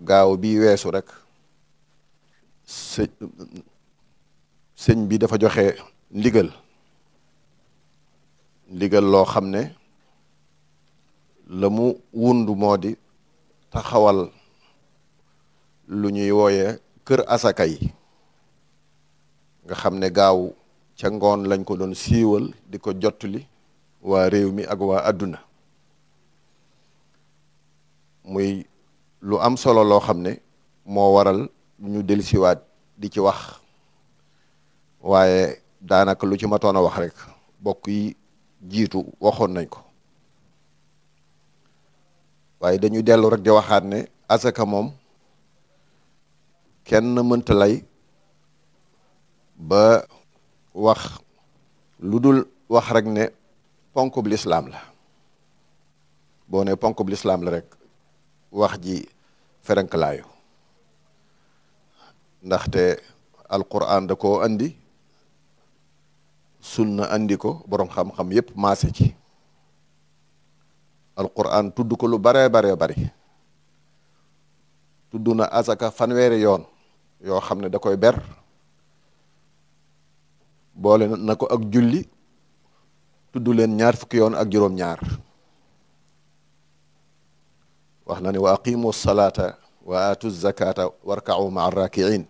gaaw bi weesu rek sëñ bi dafa joxe ndigal ndigal loo xam ne la mu wund moo di taxawal lu ñuy wooye kër asaka yi nga xam ne gaaw ca ngoon lañ ko doon siiwal di ko jottali waa réew mi ak waa àdduna muy lu am solo loo xam ne moo waral ñu dellusiwaat di ci wax waaye daanaka lu ci matoon a wax rek bokk yi jiitu waxoon nañ ko waaye dañu dellu rek di waxaat ne asaka moom kenn mënta lay ba wax lu dul wax rek ne ponk bu lislaam la boo ne ponk bu lislaam la rek wax ji ferenklaayu ndaxte alquran da koo andi na andi ko boroom xam-xam yépp maase ci alquran tudd ko lu baree baree bari tudd na asaka fanweeri yoon yoo xam ne da koy ber boole na ko ak julli tudd leen ñaar fukki yoon ak juróom-ñaar wax na ne wa aqimu salaata wa aatu zakata warkau maa rakiin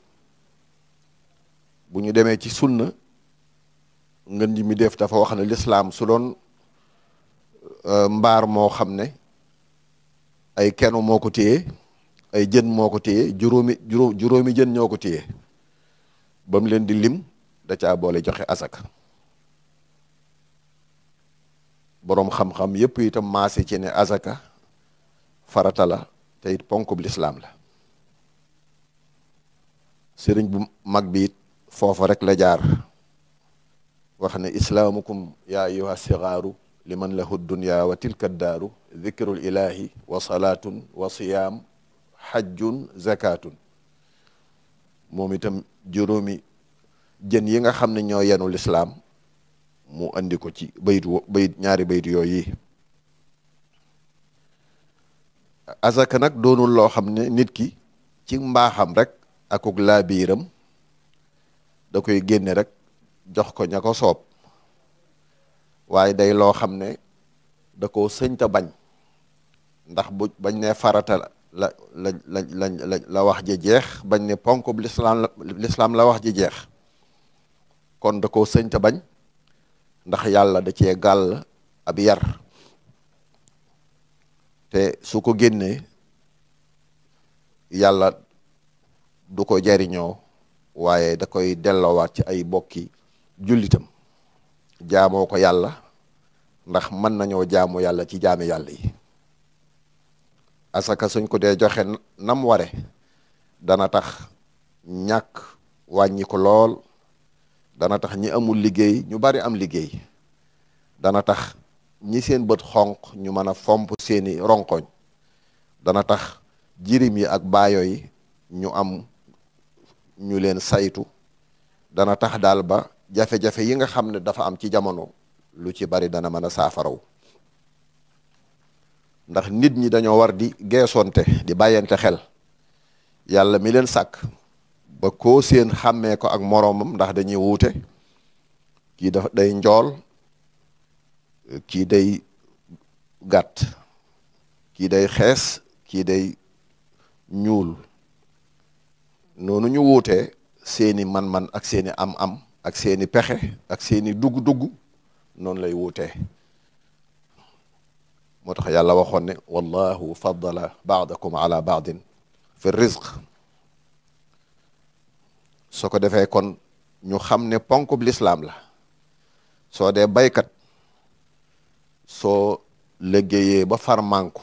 bu ñu demee ci sunna ngën ji mi def dafa ne lislaam su doon euh, mbaar moo xam ne ay kenu moo ko téye ay jën moo ko téye juróomi juróomi jën ñoo ko téye ba leen di lim da caa boole joxe asaka boroom xam-xam yépp itam maase ci ne asaka farata la te ponkub lislaam la sëriñ bu mag bi foofa rek la jaar wax ne islaamukum yaa ayyuha sigaaru liman lahu dunya wa tilka daaru dikrul ilahi wa salaatun wa siyaam xajjun zakatun moom itam juróomi jën yi nga xam ne ñoo yenu lislaam mu andi ko ci bayit bayit ñaari bayit yooyu asaka nag doonul loo xam ne nit ki ci mbaaxam rek akuk laa biiram da koy génne rek jox ko ña ko soob waaye day loo xam ne da ko sëñta bañ ndax bu bañ ne farata la la wax ji jeex bañ ne ponk bu lislaam lislaam la wax ji jeex kon da ko sëñta bañ ndax yàlla da cee gàll ab yar te su ko génnee yàlla du ko jariñoo waaye da koy delloowaat ci ay bokki jullitam jaamoo ko yàlla ndax mën nañoo jaamu yàlla ci jaami yàlla yi asaka suñ ko dee joxe nam ware dana tax ñàkk wàññi ko lool dana tax ñi amul liggéey ñu bari am liggéey dana tax ñi seen bët xonq ñu mën a fomp seeni ronqoñ dana tax jirim yi ak baayo yi ñu am ñu leen saytu dana tax daal ba jafe-jafe yi nga xam ne dafa am ci jamono lu ci bari dana mën a saafaraw ndax nit ñi dañoo war di geesonte di bàyyante xel yàlla mi leen sàkk ba koo seen xàmmee ko ak moroomam ndax dañuy wuute kii dafa day njool kii day gàtt kii day xees kii day ñuul noonu ñu wuutee seeni man-man ak seeni am-am ak seeni pexe ak seeni dugg-dugg noonu lay wuutee moo tax yàlla waxoon ne wallahu faddala baadakum ala baadin fi rizq soo ko defee kon ñu xam ne ponk bu lislaam la soo dee baykat soo liggéeyee ba far mànku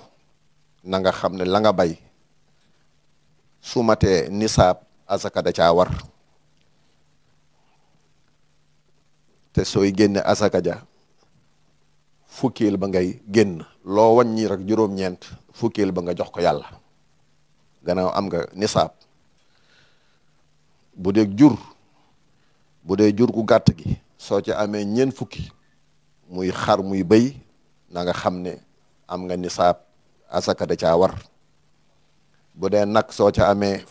na xam ne la nga bay su matee nisaab asaka da caa war te sooy génne asaka ja fukkeel ba ngay génn loo wàññi rek juróom-ñeent fukkeel ba nga jox ko yàlla gana am nga nisaab bu dee jur bu dee jur gu gàtt gi soo ci amee ñeent fukki muy xar muy béy na xam ne am nga nisaab asaka da caa war bu dee nag soo ca amee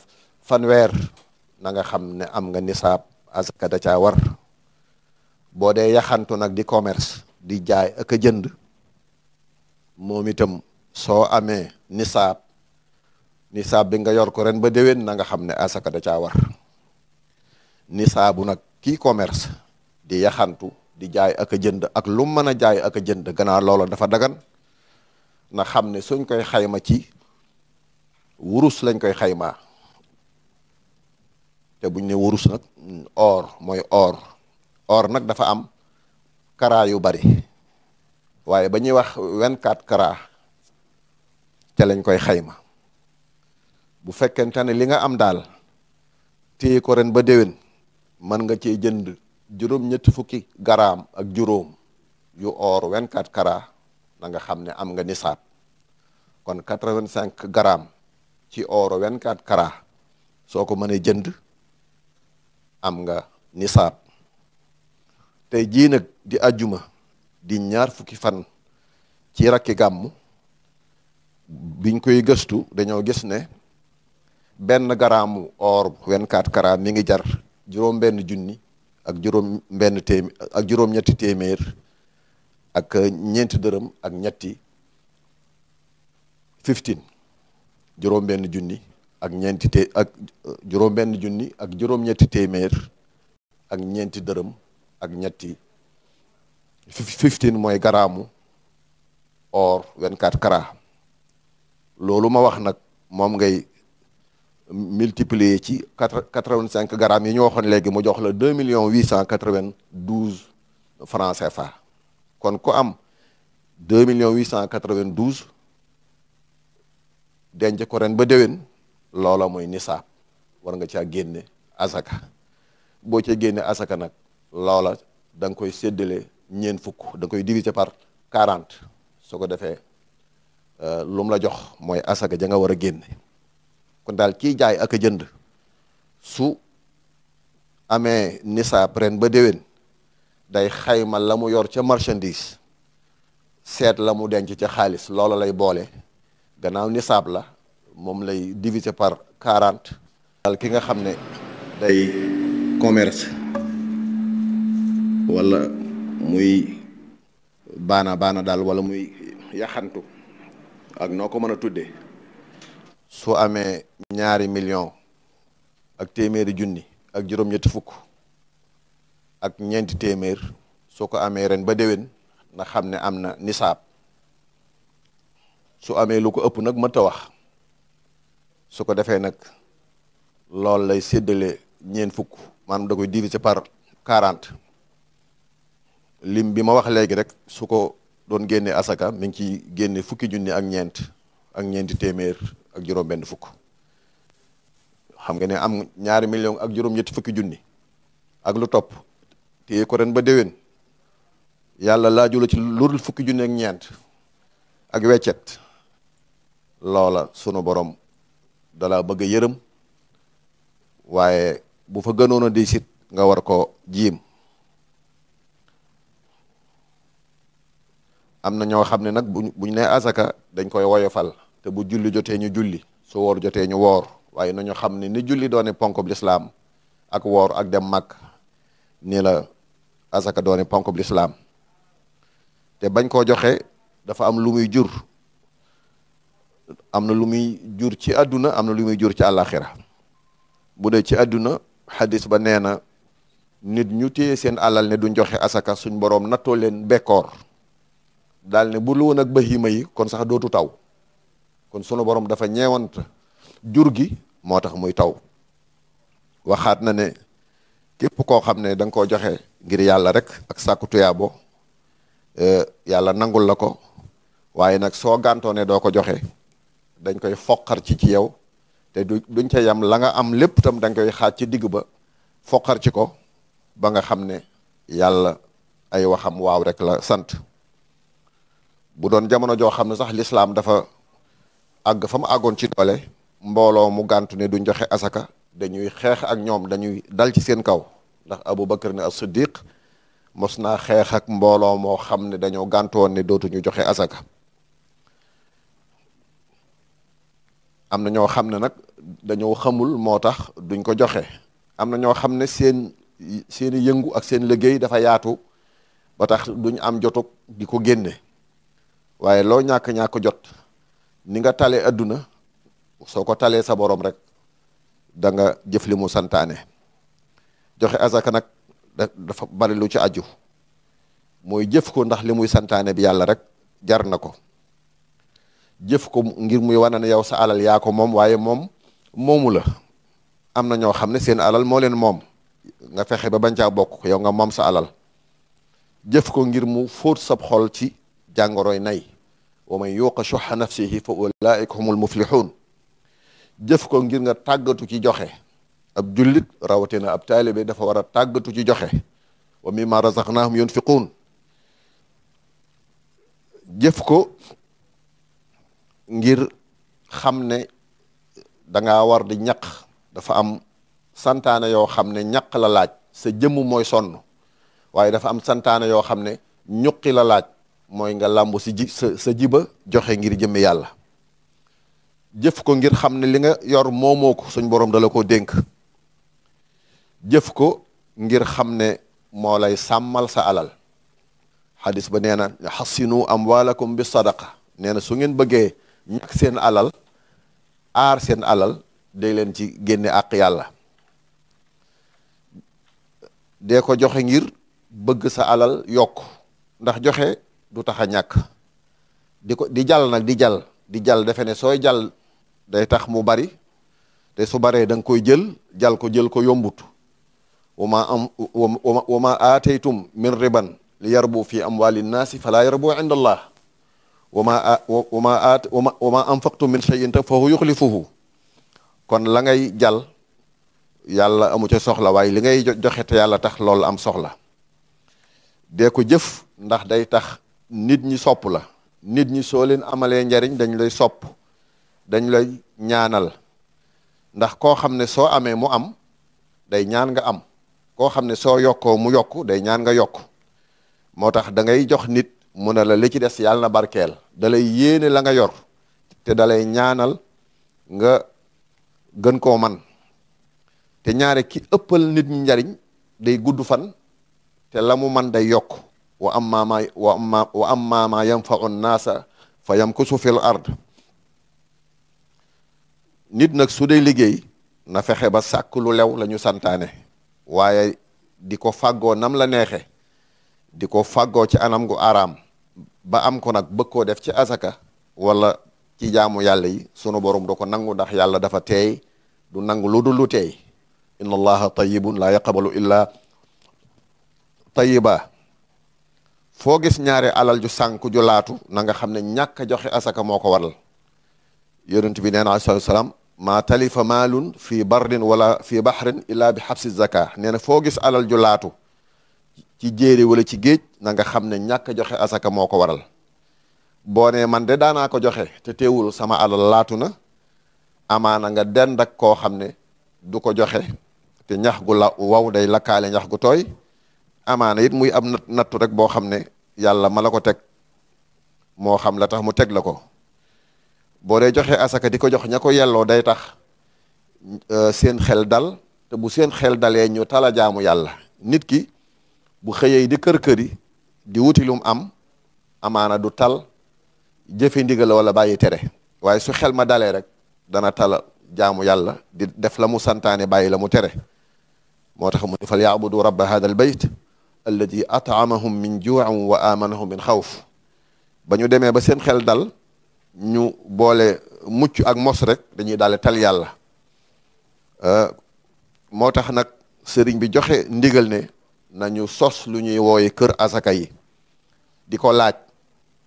fanweer na nga xam ne am nga nisaab asaka caa war boo dee yaxantu nag di commerce di jaay ak jënd moom itam soo amee nisaab nisaab bi nga yor ko ren ba déwén na nga xam ne asaka da caa war nisaabu nag kii commerce di yaxantu di jaay ak jënd ak lu mën a jaay ak jënd gannaaw looloo dafa dagan na xam ne suñ koy xayma ci wurus lañ koy xaymaa te buñ ne wurus nag or mooy or or nag dafa am kara yu bari waaye ba ñuy wax vingt-quatre kara ca lañ koy xayma bu fekkente ne li nga am daal téye ko ren ba déwén mën nga cee jënd juróom-ñetti fukki garaam ak juróom yu or 24 carats nanga xam ne am nga nisaab kon 85 garaam ci or 24 carats soo ko mënee jënd am nga nisaab te jii di ajjuma di ñaar fukki fan ci rakki gàmm biñ koy gëstu dañoo gis ne benn garaamu or 24 carats mi ngi jar juróom benn junni ak juróom benn téeméer ak juróom-ñetti téeméer ak ñeenti dërëm ak ñetti fifteen juróom benn junni ak ñeenti té ak euh, juróom benn junni ak juróom-ñetti téeméer ak ñeenti dërëm ak ñetti fifteen mooy garamu or 24 carats loolu ma wax nag moom ngay multiplier ci quatre quatre-vingt-cinq grammes yi ñu waxoon léegi mu jox la deux millions huit cent quatre-vingt-douze francs CFA kon ku am deux millions huit cent quatre-vingt-douze denc ko ren ba déwén loola mooy nisaab war nga caa génne asaka boo ca génne asaka nag loola da nga koy séddale ñeent fukk da nga koy diviser par quarante su ko defee euh, lu mu la jox mooy asaka ja nga war a génne kon daal kii jaay ak jënd su amee nisaab ren ba déwén day xayma la mu yor ca marchandise seet la mu denc ca xaalis loola lay boole gannaaw nisaab la moom lay diviser par quarante. daal ki nga xam ne day commerce wala muy baana baana daal wala muy yaxantu ak noo ko mën a tuddee. su amee ñaari million ak téeméeri junni ak juróom-ñetti fukk ak ñeenti téeméer su ko amee ren ba déwén na xam ne am na nisaab su amee lu ko ëpp nag mënta wax su ko defee nag loolu lay séddale ñeent fukk ma da koy diviser par quarante lim bi ma wax léegi rek su ko doon génne asaka mi ngi ci génne fukki junni ak ñeent ak ñeenti téeméer ak juróom-benn fukk xam nga ne am ñaari million ak juróom-ñetti fukki junni ak lu topp téye ren ba déwén yàlla laaju la ci lurul fukki junni ak ñeent ak weccet loola sunu borom dala bëgg a yërëm waaye bu fa gënoon a nga war ko jiim am na ñoo xam ne nag buñ ne asaka dañ koy woyofal te bu julli jotee ñu julli su woor jotee ñu woor waaye nañu xam ne ni julli doone ponkob lislaam ak woor ak dem mag nii la asaka doone ponkob lislaam te bañ koo joxe dafa am lu jur am na lu muy jur ci àdduna am na lu muy jur ci àllaaxira bu dee ci àdduna xadis ba nee na nit ñu téye seen alal duñ joxe asaka suñ boroom nattoo leen bekkoor daal ne bu lu woon ak bahima yi kon sax dootu taw kon sunu borom dafa ñeewant jur gi moo tax muy taw waxaat na ne képp koo xam ne da nga koo joxe ngir yàlla rek ak sàkku tuyaabo eh, yàlla nangul la ko waaye nag soo gantoone doo ko joxe dañ koy foqar ci ci yow te du duñ ca yam la nga am lépp tam dañ koy xaaj ci digg ba foqar ci ko ba nga xam ne yàlla ay waxam waaw rek la sant bu doon jamono joo xam ne sax lislaam dafa àgg fa mu àggoon ci doole mbooloo mu gàntu ne duñ joxe asaka dañuy xeex ak ñoom dañuy dal ci seen kaw ndax Aboubacar ne as-Siddiq mos naa xeexak ak mbooloo moo xam ne dañoo gàntu woon dootuñu joxe asaka am na ñoo xam ne nag dañoo xamul moo tax duñ ko joxe am na ñoo xam ne seen seen yëngu ak seen liggéey dafa yaatu ba tax duñ am jotu di ko génne waaye loo ñàkk ñàkk jot ni nga talee adduna soo ko talee sa borom rek da nga jëf li mu santaane joxe azaka nag dafa bari lu ci aju mooy jëf ko ndax li muy santaane bi yàlla rek jar na ko jëf ko ngir muy wane na yow sa alal yaa ko moom waaye moom moomu la am na ñoo xam ne seen alal moo leen moom nga fexe ba bañ caa bokk yow nga moom sa alal jëf ko ngir mu fóot sab xol ci jàngoroy nay wa man yuuqa shuxa nafsihi fa ulaika humul muflixuun jëf ko ngir nga tàggatu ci joxe ab jullit rawatina ab taalibe dafa war a tàggatu ci joxe wa mimma razaqnaahum yunfiquun jëf ko ngir xam ne dangaa war di ñaq dafa am santaane yoo xam ne ñaq la laaj sa jëmm mooy sonn waaye dafa am santaane yoo xam ne ñuqi la laaj mooy nga làmb si ji sa sa jiba joxe ngir jëmme yàlla jëf ko ngir xam ne li nga yor moomoo ko boroom borom dala ko dénk jëf ko ngir xam ne moo lay sàmmal sa alal xadis ba nee na xasinu amwaalakum bi sadaqa nee na su ngeen bëggee ñàkk seen alal aar seen alal day leen ci génne àq yàlla dee ko joxe ngir bëgg sa alal yokk ndax joxe du tax a ñàkk di ko di jàll nag di jàll di jàll defe ne sooy jàll day tax mu bari te su baree da koy jël jal ko jël ko yombut wa ma am wa ma aataytum min riban li yarbu fi amwali nnaasi falaa yarbu inda allah wa ma wa ma aat wa ma anfaqtum min kon la ngay jàll yàlla amu soxla waaye li ngay joxe te yàlla tax lool am soxla dee ko jëf ndax day tax nit ñi sopp la nit ñi soo leen amalee njariñ dañ lay sopp dañ lay ñaanal ndax koo xam ne soo amee mu am day ñaan nga am koo xam ne soo yokkoo mu yokk day ñaan nga yokk moo tax dangay jox nit mu ne la li ci des yàlla na barkeel da lay yéene la nga yor te da lay ñaanal nga gën koo man te ñaare ki ëppal nit ñi njariñ day gudd fan te la mu man day yokk wa amma ma wa amma wa fa yamkusu fil ard nit nag su liggéey na fexe ba sàkk lu lew la ñu santaane waaye di ko fàggoo nam la neexe di ko fàggoo ci anam gu araam ba am ko nag bëgg koo def ci asaka wala ci jaamu yàlla yi sunu borom du ko nangu ndax yàlla dafa teey du nangu lu dul lu teey inna allaha tayyibun la yaqbalu illa tayyiba foo gis ñaari alal ju sànk ju laatu na nga xam ne ñàkk joxe asaka moo ko waral yonent bi nee na alayhi salaam maa talifa maalun fii bardin wala fii bahrin illaa bi xabsi zaka nee na foo gis alal ju laatu ci jéeri wala ci géej nanga xam ne ñàkk joxe asaka moo ko waral boo ne man de daanaa ko joxe te tewul sama alal laatu na amaana nga dend ak koo xam ne du ko joxe te ñax gu waw day lakkaale ñax gu tooy amaana it muy am nattu rek boo xam ne yàlla ma la ko teg moo xam la tax mu teg la ko boo dee joxe asaka di ko jox ña ko yelloo day tax euh, seen xel dal te bu seen xel dalee ñu tala jaamu yàlla nit ki bu xëyee di kër këri di wuti lum am amaana du tal jëfe ndigal wala bàyyi tere waaye su xel ma dalee rek dana tala jaamu yàlla di def la mu santaane bàyyi la mu tere moo tax mu ne fal yaabudu rabba hadal bayt alladi ataamahum min juu'in wa amanahum min xawf ba ñu demee ba seen xel dal ñu boole mucc ak mos rek dañuy daale tal yàlla euh, moo tax nag sëriñ bi joxe ndigal ne nañu sos lu ñuy wooye kër asaka yi di ko laaj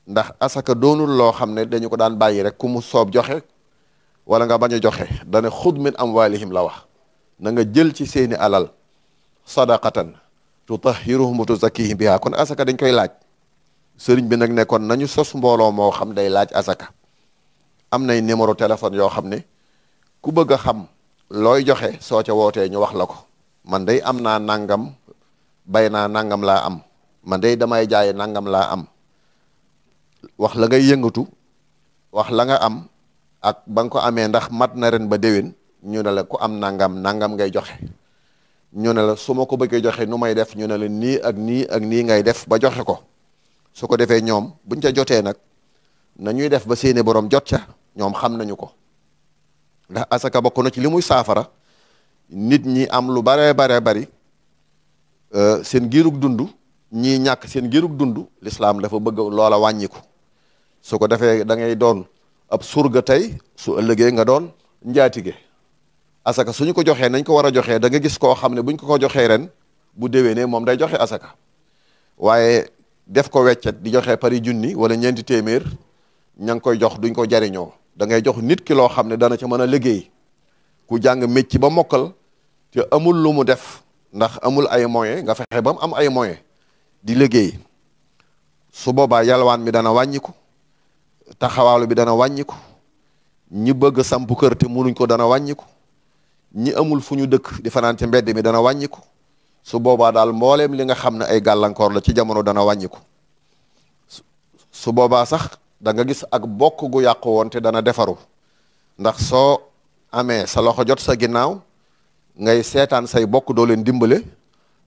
ndax asaka doonu loo xam ne dañu ko daan bàyyi rek ku mu soob joxe wala nga bañ a joxe dana xud min amwalihim la wax nanga jël ci seeni alal sadaqatan tutahhiruhum sa tuzakkihim biha kon asaka dañ koy laaj sëriñ bi nag ne kon nañu sos mbooloo moo xam day laaj asaka am nay numéro téléphone yoo xam ne ku bëgg a xam looy joxe soo ca wootee ñu wax la ko man day am naa nangam bay naa nangam laa am ma day damay jaaye nangam laa am wax la ngay yëngatu wax la nga am ak ba nga ko amee ndax mat na ren ba déwén ñu ne la ku am nangam nangam ngay joxe ñu ne la su ma ko bëggee joxe nu may def ñu ne la nii ak nii ak nii ngay def ba joxe ko su ko defee ñoom buñ ca jotee nag na ñuy def ba seeni borom jot ca ñoom xam nañu ko ndax asaka bokk na ci li muy saafara nit ñi am lu baree baree bari euh, seen giirug dund ñii ñàkk seen giirug dund lislaam dafa bëgg loola wàññiku su ko defee da ngay doon ab surga tey su ëllëgee nga doon njaatige asaka suñu ko joxee nañ ko war a joxee da nga gis koo xam ne buñ ko ko joxee ren bu déwénee moom day joxe asaka waaye def ko weccet di joxe pari junni wala ñeenti téeméer ña ngi koy jox duñ ko jariñoo da jox nit ki loo xam ne dana ca mën a liggéey ku jàng mécc ba mokkal te amul lu mu def ndax amul ay moyen nga fexe ba mu am ay moyen di liggéey su boobaa yalwaan mi dana wàññiku taxawaalu bi dana wàññiku ñi bëgg samp kër te munuñ ko dana wàññiku ñi amul fu ñu dëkk di fanaan ci mbedd mi dana wàññiku su boobaa daal mbooleem li nga xam ne ay gàllankoor la ci jamono dana wàññiku su boobaa sax danga gis ak bokk gu yàqu woon te dana defaru ndax soo amee sa loxo jot sa ginnaaw ngay seetaan say bokk doo leen dimbale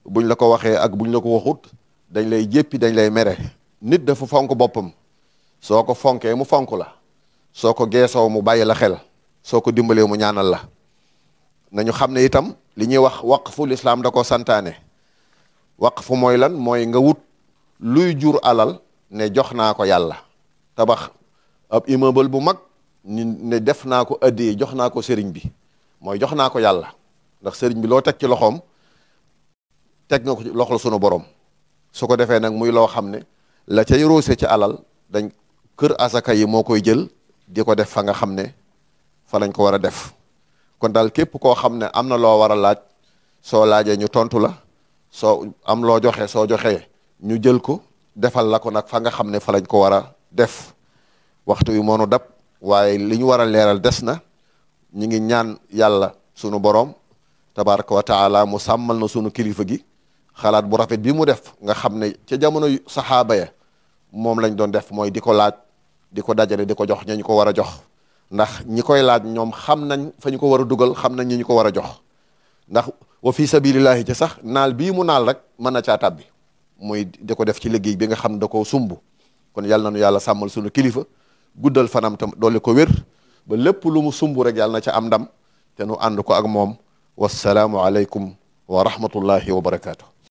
buñ la ko waxee ak buñ la ko waxut dañ lay jéppi dañ lay mere nit dafa fonk boppam soo ko fonkee mu fonk la soo ko geesoo mu bàyyi la xel soo ko dimbalee mu ñaanal la nañu xam ne itam li ñuy wax waqfu lislaam da koo santaane fu mooy lan mooy nga wut luy jur alal ne jox naa ko yàlla tabax ab immeuble bu mag ñu ne def naa ko addiyee jox naa ko sëriñ bi mooy jox naa ko yàlla ndax sëriñ bi loo teg ci loxoom teg nga ko ci loxol sunu borom su ko defee nag muy loo xam ne la cay roose ci alal dañ kër asaka yi moo koy jël di ko def fa nga xam ne fa lañ ko war a def kon daal képp koo xam ne am na loo war a laaj soo laajee ñu tontu la soo am loo joxe soo joxee ñu jël ko defal la ko nag fa nga xam ne fa lañ ko war a def waxtu wi moonu dab waaye li ñu war a leeral des na ñu ngi ñaan yàlla sunu borom tabaraka wa taala mu sàmmal na sunu kilifa gi xalaat bu rafet bi mu def nga xam ne ca jamono saxaaba ya moom lañ doon def mooy di ko laaj di ko dajale di ko jox ñañ ko war a jox ndax ñi koy laaj ñoom xam nañ fa ñu ko war a dugal xam nañ ñi ñu ko war a jox ndax wa fi sabilillahi ca sax naal bii mu naal rek mën na caa tàbbi muy di ko def ci liggéey bi nga xam da koo sumb kon yàlla nañu yàlla sàmmal sunu kilifa guddal fanam tam doole ko wér ba lépp lu mu sumb rek yàlla na ca am ndam te nu ànd ko ak moom wasalaamu aleykum wa rahmatullahi wa barakaatu.